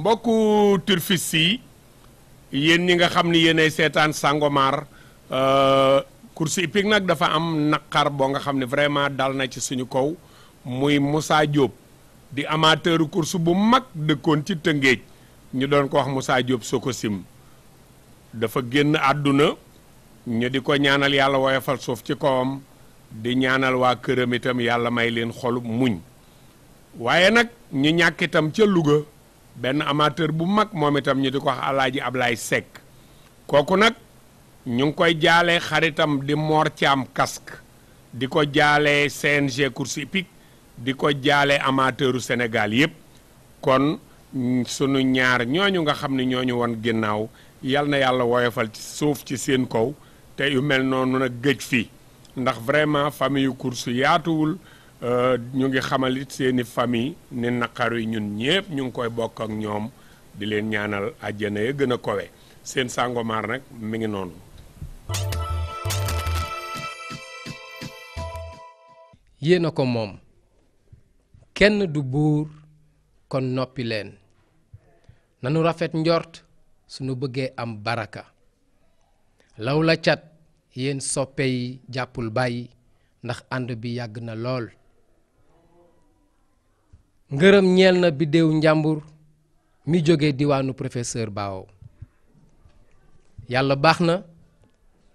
mbokku turfis yi yéen ñi nga xam ni yéenay seetaan Sangomar euh, course hippique nag dafa am naqar boo nga xam ne vraiment dal na ci suñu kaw muy Moussa Diop di amateur course bu mag dëkkoon ci Tëngéej ñu doon ko wax jóob soo ko sim dafa génn àdduna ñu di ko ñaanal yàlla woyofal suuf ci kawam di ñaanal waa këram itam yàlla may leen xolub muñ waaye nag ñu ñàkk itam ca Louga. benn amateur bu mag moom itam ñu di ko wax alaaji Ablaye Seck kooku nag ñu ngi koy jaalee xaritam di Mor Thiam casque di ko jaalee g course hippique di ko jaalee amateuru senegaal yépp kon sunu ñaar ñooñu nga xam ne ñooñu won ginnaaw yal na yàlla woyofal ci suuf ci seen kaw te yu mel noonu nag gëj fii ndax vraiment famille course yaatuwul Euh, ñu ngi xamalit seeni fami ne naqaru wi ñun ñëpp ñu ngi koy bokk ak ñoom di leen ñaanal àjjana ya gën a kowe seen Sangomar nag mi ngi noonu. yéen a ko moom kenn du buur kon noppi leen nanu rafet njort sunu bëggee am baraka law la cat yéen soppee jàppul bàyyi ndax ànd bi yàgg na lool. ngërëm ñeel na biddéew njàmbur mi jóge diwaanu professeur Bao yàlla baax na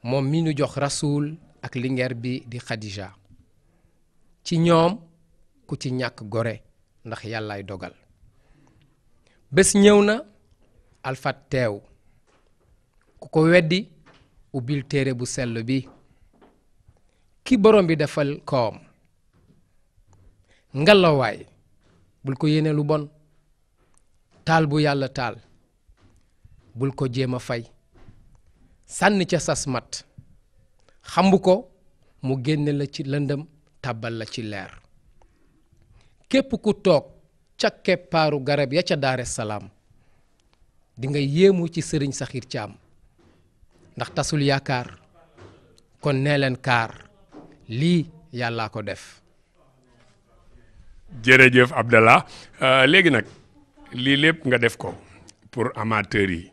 moom mi nu jox rasuul ak lingeer bi di Khadija ci ñoom ku ci ñàkk gore ndax yàllaay dogal bés ñëw na alfat teew ku ko weddi ubbil téere bu sell bi ki borom bi defal koom ngelawaay bul ko yéene bon taal bu yàlla taal bul ko jéem a fay sànni ca sas mat xamb ko mu génne la ci lëndëm tàbbal la ci leer képp ku toog ca keppaaru garab ya ca daare salaam di nga yéemu ci sëriñ saxiir am ndax tasul yaakaar kon nee leen kaar lii yàllaa ko def jërëjëf Abdallah euh, léegi nag lii lépp nga def ko pour amateurs yi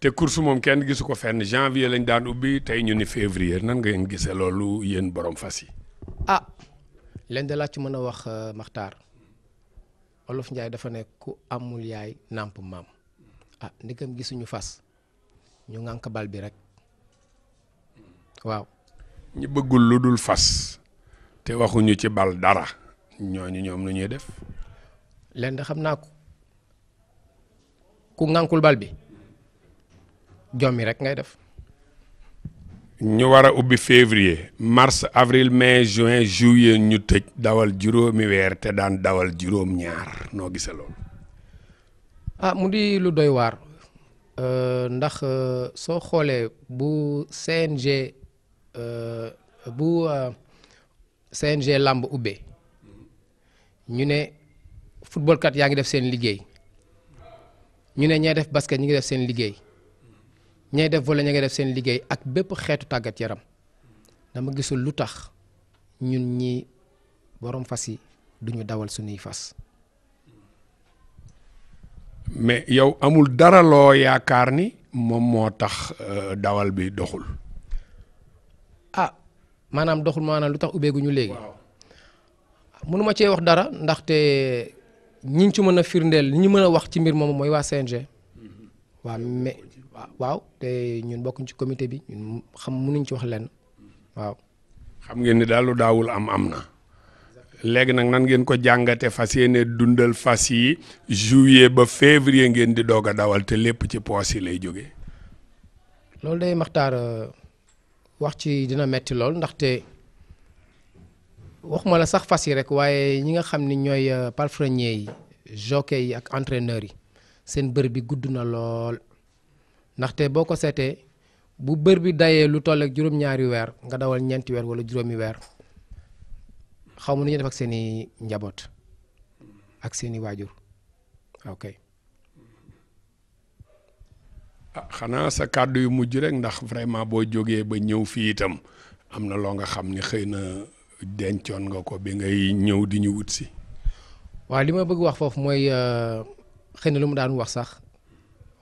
te course moom kenn gisu ko fenn janvier lañ daan ubbi tey ñu ni février nan nga leen loolu yéen borom fas yi. ah leen de laa ci mën a wax euh, Maxtaar Olof Njaay dafa ne ku amul yaay nàmp maam ah ndegam gisuñu fas ñu ngànk bal bi rek waaw. ñi bëggul lu dul fas te waxuñu ci bal dara. ñooñu ñoom lu ñuy def. lenn xam naa ko ku ŋànkul bal bi jommi rek ngay def. ñu war a ubbi février mars avril mais juin juillet ñu tëj dawal juróomi weer te daan dawal juróom ñaar noo gisee a ah, mu di lu doy waar. Euh, ndax euh, soo xoolee bu CNG euh, bu CNG làmb ubbee. ñu ne football kat yaa ngi def seen liggéey ñu ne ñay def basket ñi ngi def seen liggéey ñay def volley ñi ngi def seen liggéey ak bépp xeetu tàggat yaram dama gisul lu tax ñun ñi borom fas yi duñu dawal suñuy fas. mais yow amul daraloo yaakaar ni moom moo tax euh, dawal bi doxul. a ah, maanaam doxul maanaam lu tax ñu léegi. mënuma cee wax dara ndaxte ñu ñi ci mën a firndeel li ñu mën a wax ci mbir moom mooy waa CNG. Mm-hmm. waa mais waaw te ñun bokkuñ ci comité bi ñun xam mënuñ ci wax lenn waaw. xam ngeen ni daal daawul am am na. léegi nag nan ngeen ko jàngate fas yéene dundal fas yi juillet ba février ngeen di doog a dawal te lépp ci poos yi lay jóge loolu day maxtaar euh, wax ci dina metti lool ndaxte. waxuma la sax fas yi rek waaye ñi nga xam ni ñooy euh, palefreniers yi jockey yi ak entraîneurs yi seen bër bi gudd na lool ndaxte boo ko seetee bu bër bi dayee lu toll ak juróom-ñaari weer nga dawal ñeenti weer wala juróomi weer xaw ma nu ñuy def ak seen njaboot ak seen i waajur ok. ah xanaa sa kàddu yu mujj rek ndax vraiment boo jógee ba ñëw fii itam am na loo nga xam ni xëy na. dencoon nga ko bi ngay ñëw di ñu wut si. waaw li ma bëgg wax foofu mooy euh, xëy na lu mu daan wax sax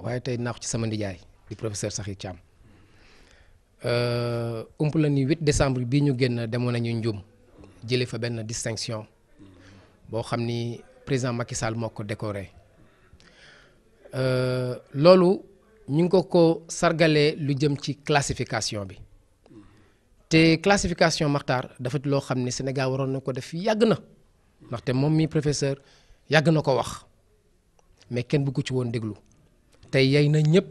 waaye tey naax ci sama nijaay di professeur Sakhir Thiam euh, ump la ni 8 décembre bii ñu génn demoon nañu Ndioum jëlee fa benn distinction boo xam ni président Macky Sall moo ko décoré euh, loolu ñu ngi ko ko sargalee lu jëm ci classification bi te classification Makhtar dafa loo xam ne Sénégal waroon na ko def yàgg na maxte moom mi professeur yàgg na ko wax mais kenn bëggu ci woon déglu tey yay na ñëpp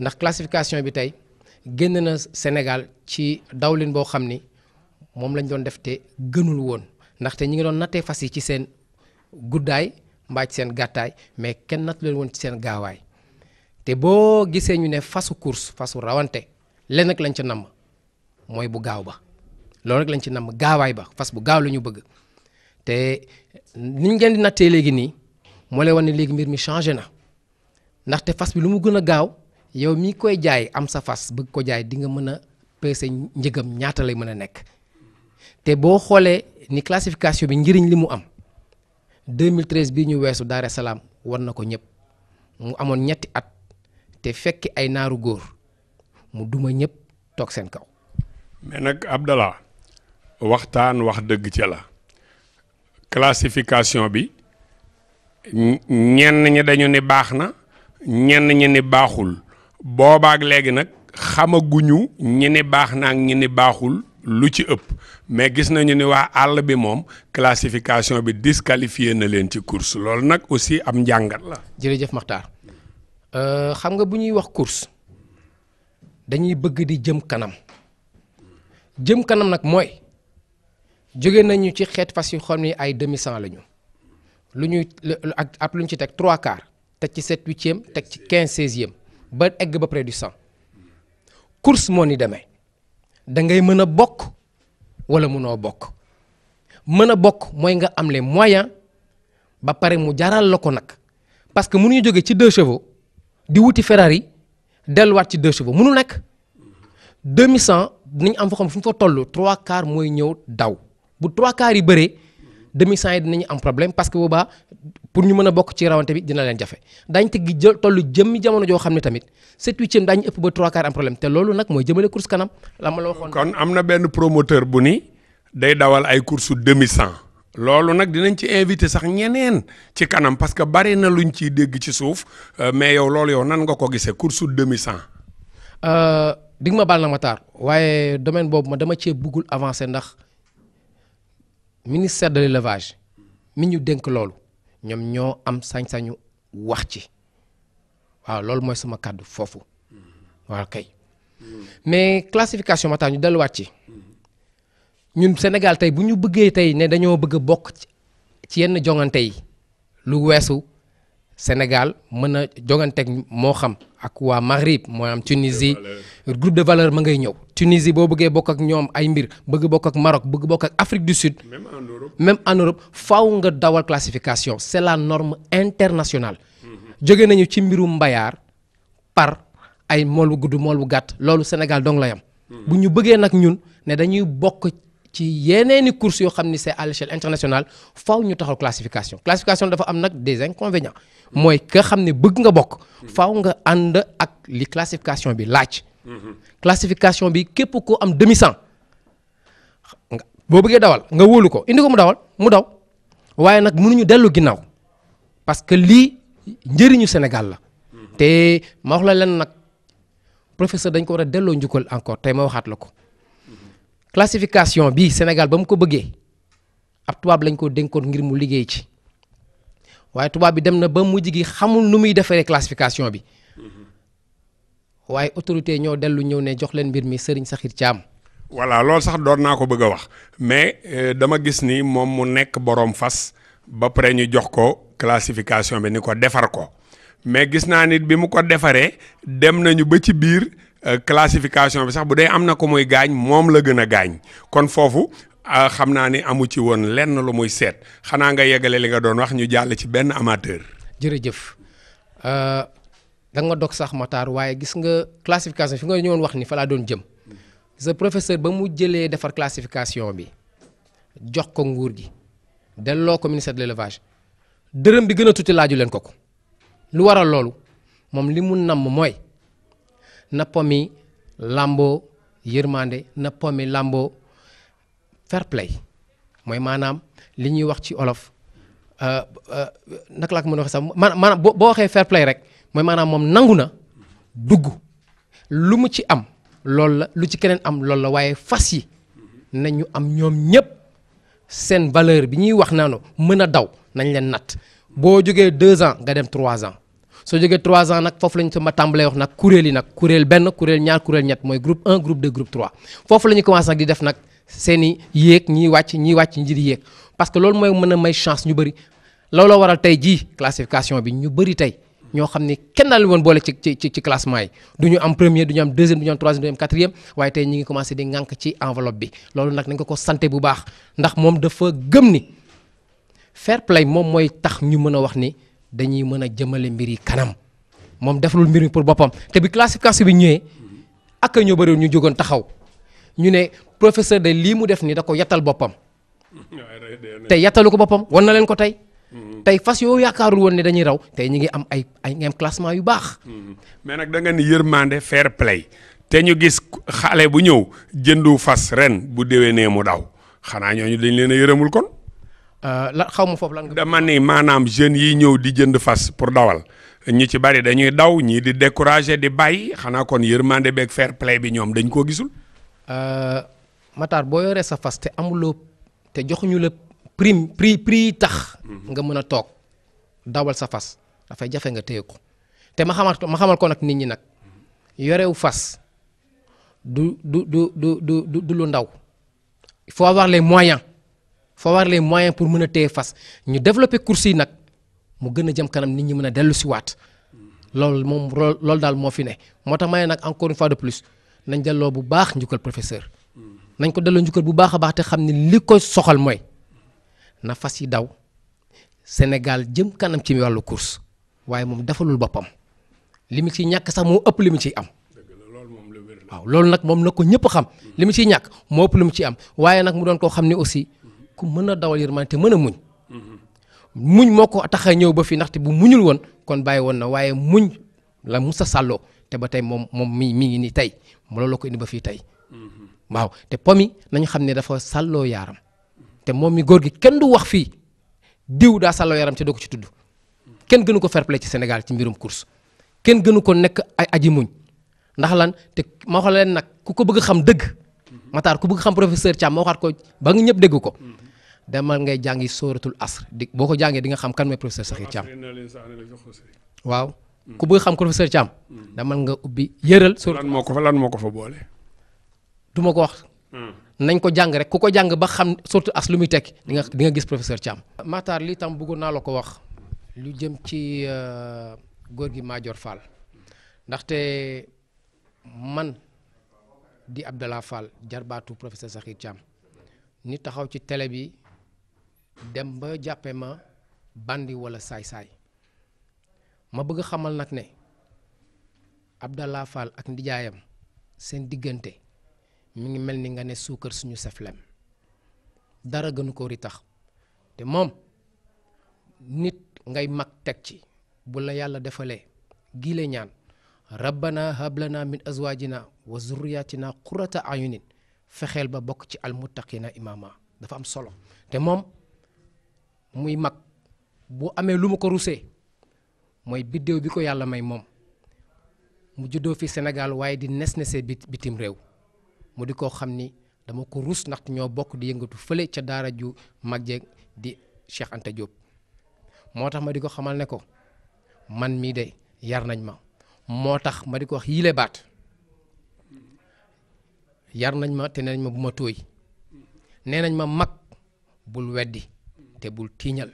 ndax classification bi tey génn na Sénégal ci dawlin boo xam ni moom lañ doon def te gënul woon ndaxte ñi ngi doon nattee fas yi ci seen guddaay mbaa ci seen gàttaay mais kenn natt leen woon ci seen gaawaay te boo gisee ñu ne fasu course fasu rawante lenn ak lañ ca namm mooy bu gaaw ba loolu rek lañ ci namm gaawaay ba fas bu gaaw la ñu bëgg te niñ ngeen di nattee léegi nii moo lay wan ne léegi mbir mi changé na ndaxte fas bi lu mu gën a gaaw yow mi koy jaay am sa fas bëgg ko jaay di nga mën a peese njëgam ñaata lay mën a nekk te boo xoolee ni classification bi njëriñ li mu am 2013 bii ñu weesu Daara Salaam war na ko ñëpp mu amoon ñetti at te fekki ay naaru góor mu duma ñëpp toog seen kaw mais nag ab Abdallah waxtaan wax dëgg ci la classification bi ñenn ñi dañu ni baax na ñenn ñi ni baaxul boobaak léegi nag xamaguñu ñi ni baax na ak ñi ni baaxul lu ci ëpp mais gis nañu ni waa àll bi moom classification bi disqualifié na leen ci course loolu nag aussi am njàngat la. jërëjëf Makhtar euh, xam nga bu ñuy wax course dañuy bëgg di jëm kanam. jëm kanam nag mooy jóge nañu ci xeet fas yu xam ni ay demi cent lañu lu ñuy ak ak lu ñu ci teg trois quarts teg ci sept huitième teg ci quinze seizième ba egg ba près du cent course moo ni demee da ngay mën a bokk wala mënoo bokk mën a bokk mooy nga am les moyens ba pare mu jaral la ko nag parce que mënuñu jóge ci deux chevaux di wuti Ferrari delluwaat ci deux chevaux mënu nekk demi cent dinañ am foo xam fu ñu ko toll trois quarts mooy ñëw daw bu trois quarts yi bëree demi yi dinañu am problème parce que boobaa pour ñu mën a bokk ci rawante bi dina leen jafe daañu teggi jël toll jëmmi jamono joo xam ne tamit sept huitième daañu ëpp ba trois quarts am problème te loolu nag mooy jëmale course kanam la ma la waxoon. kon am na benn promoteur bu ni day dawal ay course demi cent loolu nag dinañ ci invité sax ñeneen ci kanam parce que bari na luñ ciy dégg ci suuf euh, mais yow loolu yow nan nga ko gisee course demi cent. Euh, di nga baal na ma taar waaye domaine boobu ma dama cee buggul avancé ndax ministère de l'élevage mi ñu dénk loolu ñoom ñoo am sañ-sañu wax ci waaw loolu mooy sama kàddu foofu waaw kay mais classification ma taar ñu delluwaat ci ñun Sénégal tey bu ñu bëggee tey ne dañoo bëgg a bokk ci yenn jongante yi lu weesu Sénégal mën a joganteeg moo xam ak waa Maghrib moo am Tunisie groupe de valeur ma ngay ñëw Tunisie boo bëggee bokk ak ñoom ay mbir bëgg bokk ak Maroc bëgg bokk ak Afrique du Sud même en Europe même en Europe nga dawal classification c'est la norme internationale jóge nañu ci mbiru mbayaar par ay mool bu gudd mool bu gàtt loolu Sénégal dong la hmm. bu ñu bëggee nag ñun ne dañuy bokk ci yeneeni courses yoo xam ni c'est à l'échelle internationale faw ñu taxaw classification classification dafa am nag des inconvénients mooy ka xam ne bëgg nga bokk faw nga ànd ak li classification bi laaj classification bi képp koo am demi boo bëggee dawal nga wóolu ko indi ko mu dawal mu daw waaye nag mënuñu dellu ginnaaw parce que lii njëriñu Sénégal la te ma wax la leen nag professeur dañ ko war a delloo njukkal encore tey ma waxaat la ko classification bi Sénégal ba mu ko bëggee ab tubaab lañ ko dénkoon ngir mu liggéey ci waaye tubaab bi dem na ba mu gi xamul nu muy defaree classification bi waaye autorité ñoo dellu ñëw ne jox leen mbir mi Serigne Sakhir Thiam. voilà loolu sax doon naa ko bëgg wax mais euh, dama gis ni moom mu nekk boroom fas ba pare ñu jox ko classification bi ni ko defar ko mais gis naa nit bi mu ko defaree dem nañu ba ci biir. Euh, classification bi sax bu dee am na ko muy gaañ moom la gën a gaañ kon foofu euh, xam naa ni amu ci woon lenn lu muy seet xanaa nga yeggale li nga doon wax ñu jàll ci benn amateur. jërëjëf euh, da nga dog sax Matar waaye gis nga classification fi nga ñëwoon wax ni falaa doon jëm sa professeur ba mu jëlee defar classification bi jox ko nguur gi delloo ko ministère de l'élevage dërëm bi gën a tuuti laaju leen ko ko lu waral loolu moom li mu namm mooy. na pomi làmboo yërmande na pomi làmboo fair play mooy maanaam li ñuy wax ci olof euh, euh, naka laa ko mën a waxee sax maanaam boo waxee fair play rek mooy maanaam moom nangu na dugg lu mu ci am loolu la lu ci keneen am loolu la waaye fas yi na am ñoom ñëpp seen valeur bi ñuy wax naanu mën a daw nañ leen natt boo jógee deux ans nga dem trois ans soo jógee 3 ans nag foofu la ñu sama tàmbalee wax nag kuréel yi nag kuréel benn kuréel ñaar kuréel ñett mooy groupe 1 groupe 2 groupe 3 foofu la ñu commencé nag di def nag seeni yéeg ñiy wàcc ñiy wàcc ñi yéeg parce que loolu mooy mën a may chance ñu bëri looloo waral tey jii classification bi ñu bëri tey ñoo xam ni kenn daal woon boole ci ci ci classement yi du ñu am premier du ñu am deuxième du ñu am troisième du ñu am quatrième waaye tey ngi commencé di ngànk ci enveloppe loolu nag nañ ko ko santé bu ndax moom dafa gëm ni fair play moom mooy tax ñu mën a wax ni dañuy mën a jëmale mbir yi kanam moom defalul mbir yi pour boppam te bi classification bi ñëwee ak ñoo bëriwul ñu jógoon taxaw ñu ne professeur de lii mu def nii da ko yattal boppam. tey yattalu ko boppam wan na leen ko tey. tey fas yoo yaakaarul woon ni dañuy raw tey ñu ngi am ay ay ngeen classement yu baax. mais nag da nga yër yërmande fair play te ñu gis xaale bu ñëw jëndu fas ren bu déwénee mu daw xanaa ñooñu dañ leen a yërëmul kon. Euh, la xaw ma foofu lan nga. dama ni maanaam jeunes yi ñëw di jënd fas pour dawal ñi ci bari dañuy daw ñii di décourager di bàyyi xanaa kon yërmande beeg fair play bi ñoom dañ ko gisul. Euh, Matar boo yoree sa fas te amuloo te joxuñu la prime prix prix tax. Mhm. nga mën a toog dawal sa fas dafay jafe nga téye ko te ma xamal ma xamal ko nag nit ñi nag yorewu fas du du du du du lu ndaw il faut avoir faut avoir les moyens pour mën a téye fas ñu développer course yi nag mu gën a jëm kanam nit ñi mën a dellu si waat loolu moom loolu daal moo fi ne moo tax ma nag encore une fois de plus nañ delloo bu baax njukkal professeur nañ ko delloo njukkal bu baax a baax te xam ne li ko soxal mooy na fas yi daw Sénégal jëm kanam ci wàllu course waaye moom defalul boppam li mu ciy ñàkk sax moo ëpp li mu ciy am. waaw loolu nag moom na ko ñëpp xam li mu ciy ñàkk moo ëpp li mu ciy am waaye nag mu doon koo xam ne aussi. ku mën a dawal yërmande te mën a muñ. muñ moo ko tax a ñëw ba fii ndaxte bu muñul woon kon bàyyi woon na waaye muñ la musa Sàlloo te ba tey moom moom mi mi ngi nii tey looloo ko indi ba fii tey. waaw te pomi nañu xam ne dafa sàlloo yaaram te moom mi góor gi kenn du wax fii diw daa sàlloo yaaram te doo ko ci tudd kenn gënu ko fair play ci Sénégal ci mbirum course kenn gënu ko nekk ay aji muñ ndax lan te ma wax leen nag ku ko bëgg xam dëgg. Matar ku bëgg xam professeur Thiam ma waxaat ko ba nga ñëpp dégg ko. demal ngay jàngi sóoratul asr di boo ko jàngee di nga xam kan mooy professeur Sakhir Thiam waaw hmm. ku bëgg xam professeur Thiam hmm. demal nga ubbi yëral sóoratul moo ko fa lan moo ko fa boole duma ko wax hmm. nañ ko jàng rek ku ko jàng ba xam surtout as lu muy tekki di nga di nga gis professeur Thiam Matar lii tam bëggoon naa la ko wax lu jëm ci euh, góor gi Madior Fall ndaxte man di Abdallah Fall jarbaatu professeur Sakhir Thiam ni taxaw ci tele bi dem ba jàppee ma bandi wala saay-saay ma bëgg xamal nag ne Abdallah Fall ak nijaayam seen diggante mu ngi mel ni nga ne suukar suñu seflem dara gënu ko tax te moom nit ngay mag teg ci bu la yàlla defalee gile ñaan rabbana hablana min azwajina wa zurriyatina qurrata ayunin fexeel ba bokk ci almuttaqina imama dafa am solo te moom muy mag bu amee lu ma ko rusee mooy biddéew bi ko yàlla may moom mu juddoo fi Sénégal waaye di nes nesee bitim réew mu di koo xam ni dama ko rus ndax ñoo bokk di yëngatu fële ca daara ju mag jeeg di Cheikh Anta moo tax ma di ko xamal ne ko man mii de yar nañ ma moo tax ma di ko wax yile baat yar nañ ma te nee nañ ma bu ma tooy nee nañ ma mag bul weddi te bul tiiñal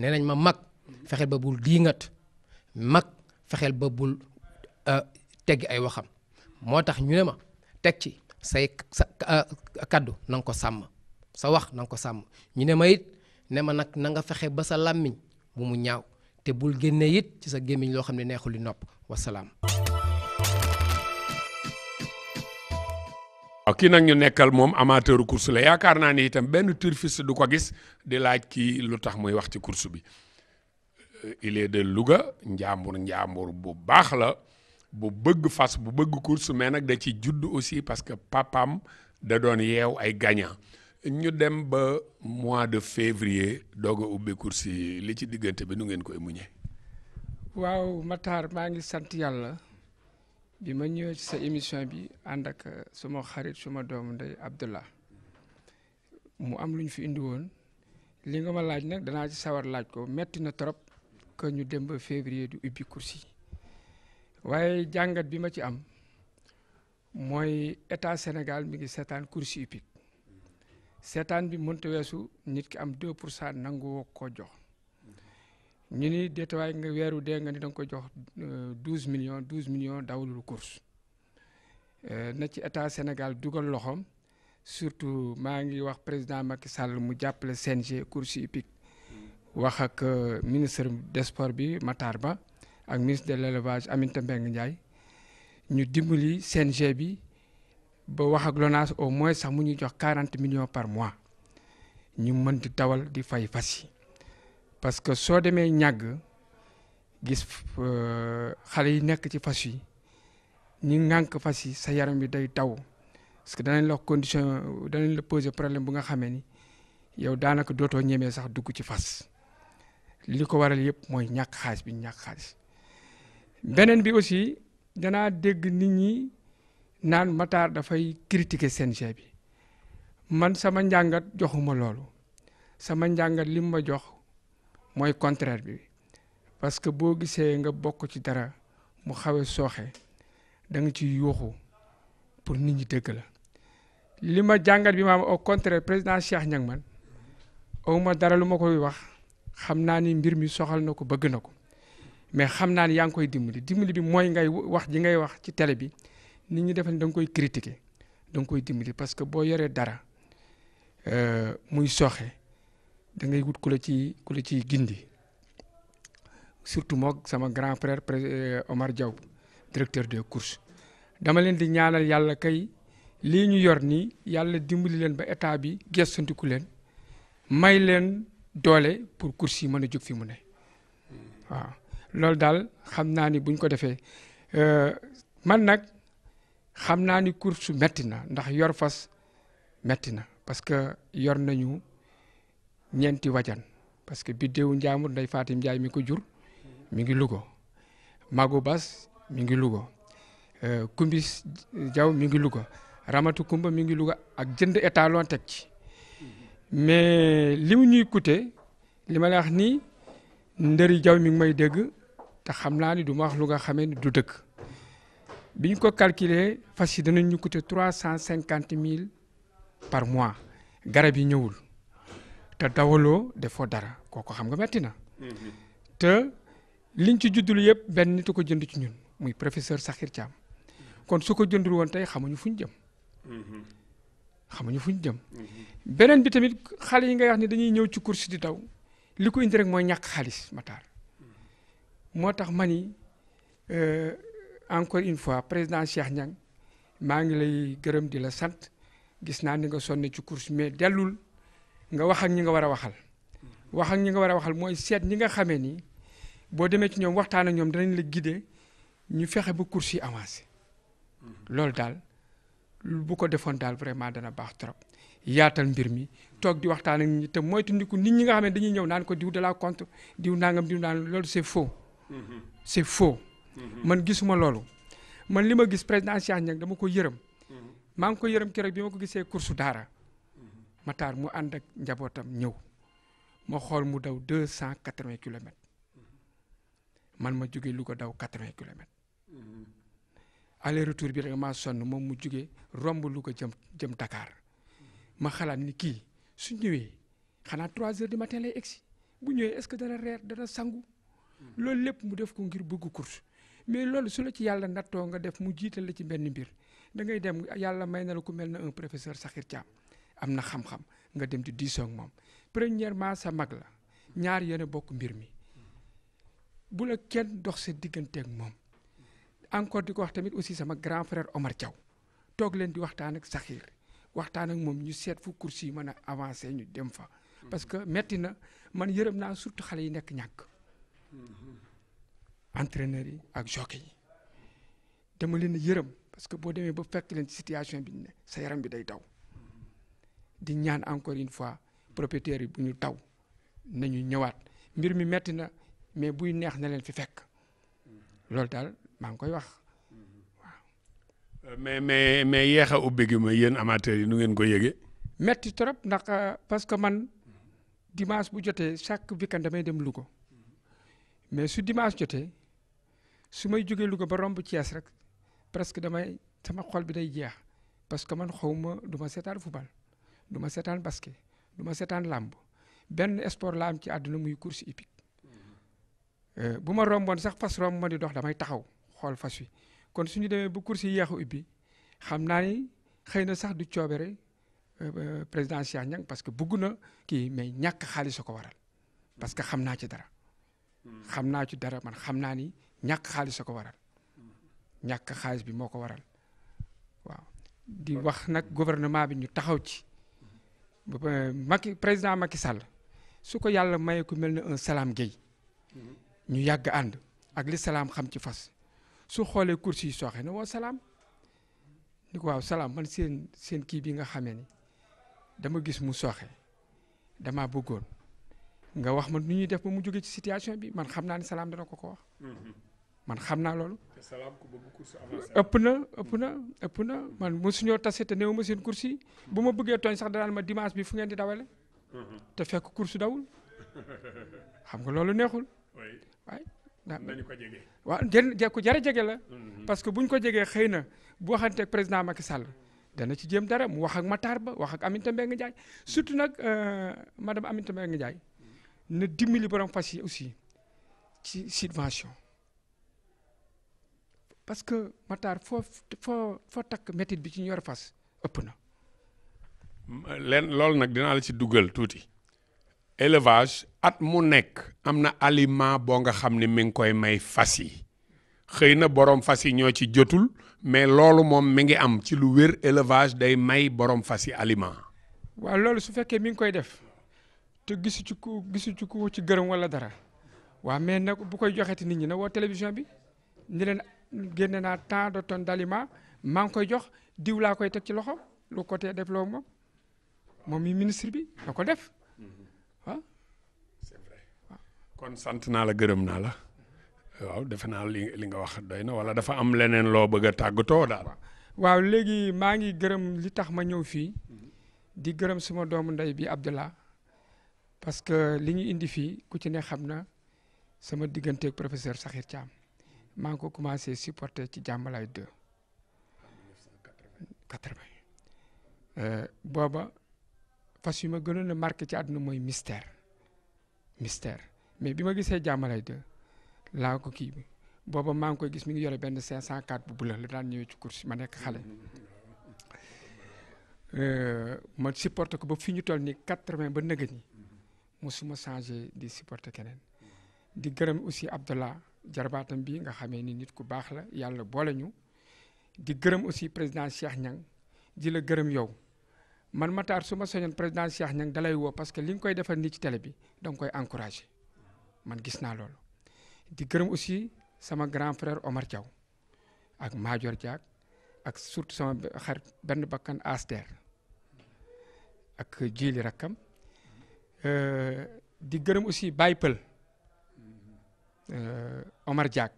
nee nañ ma mag fexeel ba bul diingat mag fexeel ba bul euh, tegg ay waxam moo tax ñu ne ma teg ci say sa euh, kaddu na ko sàmm sa wax na ko sàmm ñu ne ma it ne ma nag na nga fexe ba sa làmmiñ bu mu ñaaw te bul génnee it ci sa gémmiñ loo xam ne neexul yi nopp wasalaam kii nag ñu nekkal moom amateur course la yaakaar naa ni itam benn turfiste du ko gis di laaj kii lu tax muy wax ci course bi euh, il est de Louga njàmbur njàmbur bu baax la bu bëgg fas bu bëgg course mais nag da ci judd aussi parce que papam da doon yeew ay gagnant ñu dem ba mois de février doog ubbi course yi li ci diggante bi nu ngeen koy muñee. waaw Matar maa ngi sant yàlla. bi ma ñëwee ci sa émission bi ànd ak euh, suma xarit suma doomu ndey Abdullah mu am lu ñu fi indi woon li nga ma laaj nag danaa ci sawar laaj ko metti na trop que ñu dem ba février du ubbi cours waaye jàngat bi ma ci am mooy état Sénégal mi ngi seetaan cours yi seetaan bi mënta weesu nit ki am 2 pour cent nangu woo koo jox. ñu ni détawaay nga weeru dee nga ni da nga koy jox douze euh, million douze millions dawalul course euh, na ci état Sénégal dugal loxoom surtout maa ngi wax président Macky Sall mu jàppale g course hippique wax ak euh, ministre des sports bi Matar Ba ak ministre de l' élevage Aminata Mbengue Ndiaye ñu dimbali g bi ba wax ak LONASE au moins sax mu ñuy jox quarante million par mois ñu mën di dawal di fay fasi parce que soo demee ñàgg gis euh, xale yi nekk ci fas yi ñu ŋànk fas yi sa yaram bi day taw parce que danañ la condition danañ la poser problème bu nga xamee ni yow daanaka dootoo ñemee sax dugg ci fas li ko waral yëpp mooy ñàkk xaalis bi ñàkk xaalis beneen bi aussi danaa dégg nit ñi naan Matar dafay critiquer CNG bi man sama njàngat joxuma loolu sama njàngat lim ma jox mooy contraire bi parce que boo gisee nga bokk ci dara mu xawe sooxe da nga ci yuuxu pour nit ñi dëgg la li ma jàngat bi ma am au contraire président Cheikh Niang man aw ma dara lu ma koy wax xam naa ni mbir mi soxal na ko bëgg na ko mais xam naa ni yaa ngi koy dimbali dimbali bi mooy ngay wax ji ngay wax ci télé bi nit ñi defal da nga koy critiquer da nga koy dimbali parce que boo yoree dara euh, muy soxe da wut ku ci ku ci gindi surtout moog sama grand frère euh, Omar Diaw directeur de course dama leen di ñaanal yàlla kay lii ñu yor nii yàlla dimbali leen ba état bi gestantiku leen may leen doole pour course yi mën a jóg fi mu ne waaw loolu daal xam naa ni buñ ko defee euh, man nag xam naa ni course metti na ndax yor fas metti na parce que yor nañu ñeenti wajan parce que biddewu njaamur nday Fatim Ndiaye mi ko jur mi ngi Louga Magu Bas mi ngi Louga euh, Kumbis Jaw mi ngi Louga Ramatu Kumba mi ngi Louga ak jënd étalon teg mais limu ñuy coûter li ma la wax nii ndëri jaw mi ngi may dégg te xam naa ni du ma wax lu nga xamee ni du dëkk bi ñu ko calculer fas yi danañ ñu coûter trois cent cinquante mille par mois garab yi ñëwul. te dawaloo foo dara kooku xam nga metti na. Mhm. te liñ ci juddul yëpp benn nit ko jënd ci ñun muy professeur Sakhir Thiam kon su ko jëndul woon tey xamuñu fuñ jëm. Mhm. xamuñu fuñ jëm. Mhm. beneen bi tamit xale yi ngay wax ni dañuy ñëw ci course di daw li ko indi rek mooy ñàkk xaalis Matar moo tax mani ni euh, encore une fois président Cheikh Niang maa ngi lay gërëm di la sant gis naa ni nga sonne ci course mais dellul. nga wax ak ñi nga war a waxal wax ak ñi nga war a waxal mooy seet ni nga xamee ni boo demee ci ñoom waxtaan ak ñoom danañ la guider ñu fexe ba course yi avancé loolu daal bu ko defoon daal vraiment dana baax trop yaatal mbir mi toog di waxtaan ak ñi te moytandiku nit ñi nga xam ne dañuy ñëw naan ko diw de la compte diw nangam diw naan loolu c'est faux. c'est faux. man gisuma loolu man li ma gis président Cheikh Niang dama ko yërëm. maa ngi ko yërëm keroog bi ma ko gisee course daara. Matar mu ànd ak njabootam ñëw ma xool mu daw deux cent quatre kilomètres man ma jóge Louga daw quatre-vingts kilomètres aller retour bi rek maa sonn moom mu jóge romb Louga jëm jëm Dakar ma xalaat ni kii su ñëwee xanaa trois heures du matin lay si bu ñëwee est-ce que dana reer dana sangu loolu lépp mu def ko ngir bëgg course mais loolu su la ci yàlla nattoo nga def mu jiital la ci mbenn mbir da dem yàlla may na la ku mel na un professeur Sakhir Thiam am na xam-xam nga dem di diisoo moom premièrement sa mag la ñaar yéen a bokk mbir mi bu la kenn dox sa digganteek moom encore di ko wax tamit aussi sama grand frère Omar Thiaw toog leen di waxtaan ak Saxiir waxtaan ak moom ñu seet fu course yi a avancer ñu dem fa. parce que metti na man yërëm naa surtout xale yi nekk ñàkk. entraîneurs yi ak jockey yi dama leen yërëm parce que boo demee ba fekk leen ci situation bi ne sa yaram bi day daw. di ñaan encore une fois propriétaires yi bu ñu taw nañu ñëwaat mbir mi metti na mais buy neex na leen fi fekk loolu daal maa ngi koy wax mais mais mais yéex a ubbi gi ma yéen amateurs yi nu ngeen ko yëgee. metti trop ndax euh, parce que man dimanche bu jotee chaque weekend damay dem Louga mais su dimanche jotee su may jógee Louga ba romb Thiès rek presque damay sama xol bi day jeex parce que man xawma duma du ma seetaan football du ma seetaan basket du ma seetaan làmb benn sport la ci àdduna muy course hippique euh, bu ma romboon sax fas romb ma di dox damay taxaw xool fas wi kon suñu demee bu course yi yeexu ubbi xam naa ni xëy na sax du coobere euh, euh, président Cheikh Niang parce que bugg na kii mais ñàkk xaalis a ko waral parce que xam naa ci dara xam naa ci dara man xam naa ni ñàkk xaalis a ko waral ñàkk xaalis bi moo ko waral waaw di wax nag gouvernement bi ñu taxaw ci Macky président Macky Sall su ko yàlla maye ku mel ne un Salam ñu yàgg ànd ak li Salam xam ci fas su xoolee course yi sooxe na woo Salam ni ko waaw Salam man seen seen kii bi nga xamee ni dama gis mu sooxe dama bëggoon nga wax ma nu ñuy def ba mu jóge ci situation bi man xam naa ne salaam dana ko ko wax mm-hmm. man xam naa loolu. ëpp na ëpp na ëpp na man mosuñoo tase te néew ma seen course yi bu ma bëggee tooñ sax danaan ma dimanche bi fu ngeen di dawale. Mhm. te fekk course dawul xam nga loolu neexul. waaye nañu ko jege. waaw jë ku jara jege la. Mhm. parce que buñ ko jegee xëy na bu waxanteeg président Macky Sall. dana ci jéem dara mu wax ak Matar Ba wax ak Aminata Mbengue Ndiaye surtout nag euh, madame Aminata Mbengue Ndiaye na dimbali borom fas yi aussi ci subvention. parce que Matar foo foo foo takk métit bi ci ñu yor fas ëpp na. leen loolu nag dinaa la ci dugal tuuti élevage at mu nekk am na aliment boo nga xam ni mi ngi koy may fas yi xëy na borom fas yi ñoo ci jotul mais loolu moom mi ngi am ci lu wér élevage day may borom fas yi aliment. waa loolu su fekkee mi ngi koy def te gisu ci ku gisu ci ku ci gërëm wala dara waaw mais nag bu koy joxeeti nit ñi na woo télévision bi ni leen génne naa tant de tonnes d'aliments maa ngi koy jox diw laa koy teg ci loxo lu côté def loo moom moom mi ministre bi na ko def ah. kon sant naa la gërëm naa la waaw defe naa li li nga wax doy na wala dafa am leneen loo bëgg a tàggatoo daal. waaw léegi maa ngi gërëm li tax ma ñëw fii mm-hmm. di gërëm suma doomu ndey bi Abdallah parce que li ñu indi fii ku ci ne xam na sama digganteeg professeur Sakhir Thiam. maa ngi ko commencé supporter ci jàmbalaay 2 euh, booba fas yu ma gënoon a marqué ci àdduna mooy mystère mystère mais bi ma gisee jàmbalaay 2 laa ko kii bi booba maa ngi koy gis mi ngi yore benn cent 504 bu bula la daan ñëwee ci course ma nekk xale euh, ma supporter ko ba fi ñu toll nii 80 ba nëgë ñi suma changé di supporter keneen di gërëm aussi Abdallah jarbaatam bi nga xamee ni nit ku baax la yàlla boole ñu di gërëm aussi président Cheikh Niang di la gërëm yow man Matar suma ma soñoon président Cheikh Niang dalay woo parce que li nga koy defal nii ci télé bi da koy encouragé man gis naa loolu di gërëm aussi sama grand frère Omar Thiaw ak Major Diak ak surtout sama xar benn bakkan Aster ak Jili Rakkam euh, di gërëm aussi Baye Pël Euh, Omar Diak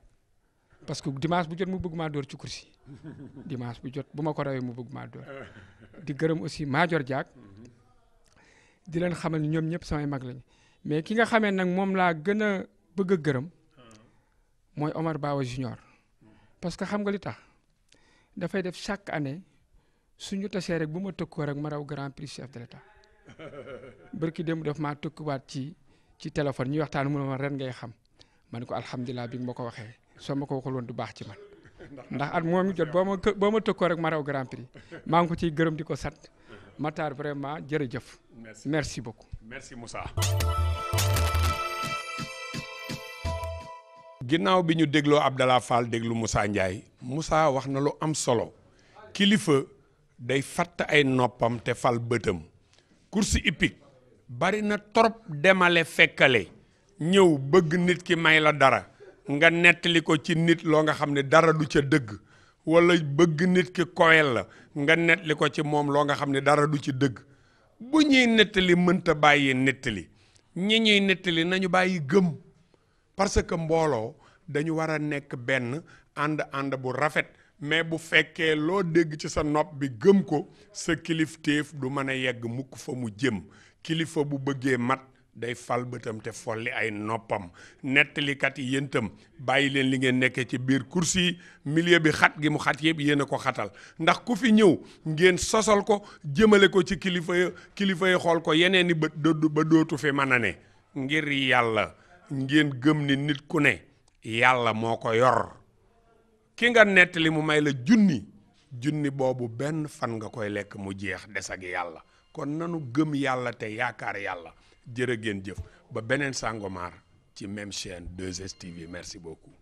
parce que dimanche bu jot mu bëgg maa door ci kursi dimanche bu jot bu ma ko rawee mu bëgg maa door di gërëm aussi Major Diak mm-hmm. di leen xamal ñoom ñëpp samay mag lañ mais ki nga xamee nag moom laa gën a bëgg gërëm mm-hmm. mooy Omar Bawa Junior parce que xam nga li tax dafay def chaque année suñu tasee rek bu ma tëkkoo rek ma raw grand prix chef de l'état bërki démb maa tëkkuwaat ci ci téléphone ñuy waxtaan mu ne ma ren ngay xam. ma ne ko alhamdulilah bi nga ma ko waxee soo ma ko waxul woon du baax ci man ndax at moom mi jot boo ma boo ma tëkkoo rek ma grand prix maa ngi ko ciy gërëm di ko sant uh-huh. Matar vraiment jërëjëf. merci merci merci Moussa. ginnaaw bi ñu dégloo ab Abdallah Fall déglu Moussa Ndiaye Moussa wax na lu am solo kilifa day fatt ay noppam te fal bëtam course hippique bari na trop demale fekkale ñëw bëgg nit ki may la dara nga nettali ko ci nit loo nga xam ne dara du ca dëgg walla bëgg nit ki koyel la nga nettali ko ci moom loo nga xam ne dara du ci dëgg bu ñuy nettali mënta bàyyi nettali ñi ñuy nettali nañu bàyyi gëm parce que mbooloo dañu war a nekk benn ànd ànd bu rafet mais bu fekkee loo dégg ci sa nopp bi gëm ko sa kilifteef du mën a yegg mukk fa mu jëm kilifa bu bëggee mat day fal bëtam te folli ay noppam nettalikat yi yéen bàyyi leen li ngeen nekkee ci biir course yi milieu bi xat gi mu xat yëpp yéen a ko xatal ndax ku fi ñëw ngeen sosal ko jëmale ko ci kilifa yi kilifa yi xool ko yeneen i ba ba dootu fi mën a ne ngir yàlla ngeen gëm ni nit ku ne yàlla moo ko yor ki nga nettali mu may la junni junni boobu benn fan nga koy lekk mu jeex desag yàlla kon nanu gëm yàlla te yaakaar yàlla jërë ngeen jëf ba beneen Sangomar ci même chaîne 2STV merci beaucoup